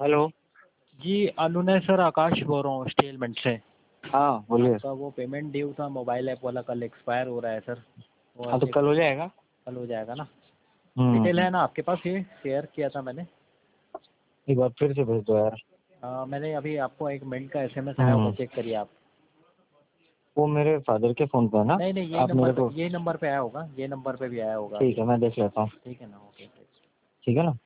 Hello जी Anunay sir Akash बोल रहा हूँ स्टेलमेंट से हाँ बोलिए तो वो पेमेंट ड्यू था मोबाइल ऐप वाला कल एक्सपायर हो रहा है सर हाँ तो कल हो जाएगा कल हो जाएगा ना डिटेल हम्म। है ना आपके पास ये शेयर किया था मैंने एक बार फिर से भेज दो यार आ, मैंने अभी आपको एक मिनट का एस एम एस आया चेक हम्म। करिए आप वो मेरे फादर के फोन पे है ना नहीं नहीं ये नंबर ये नंबर पे आया होगा ये नंबर पे भी आया होगा ठीक है मैं देख लेता हूँ ठीक है ना ओके ठीक है ना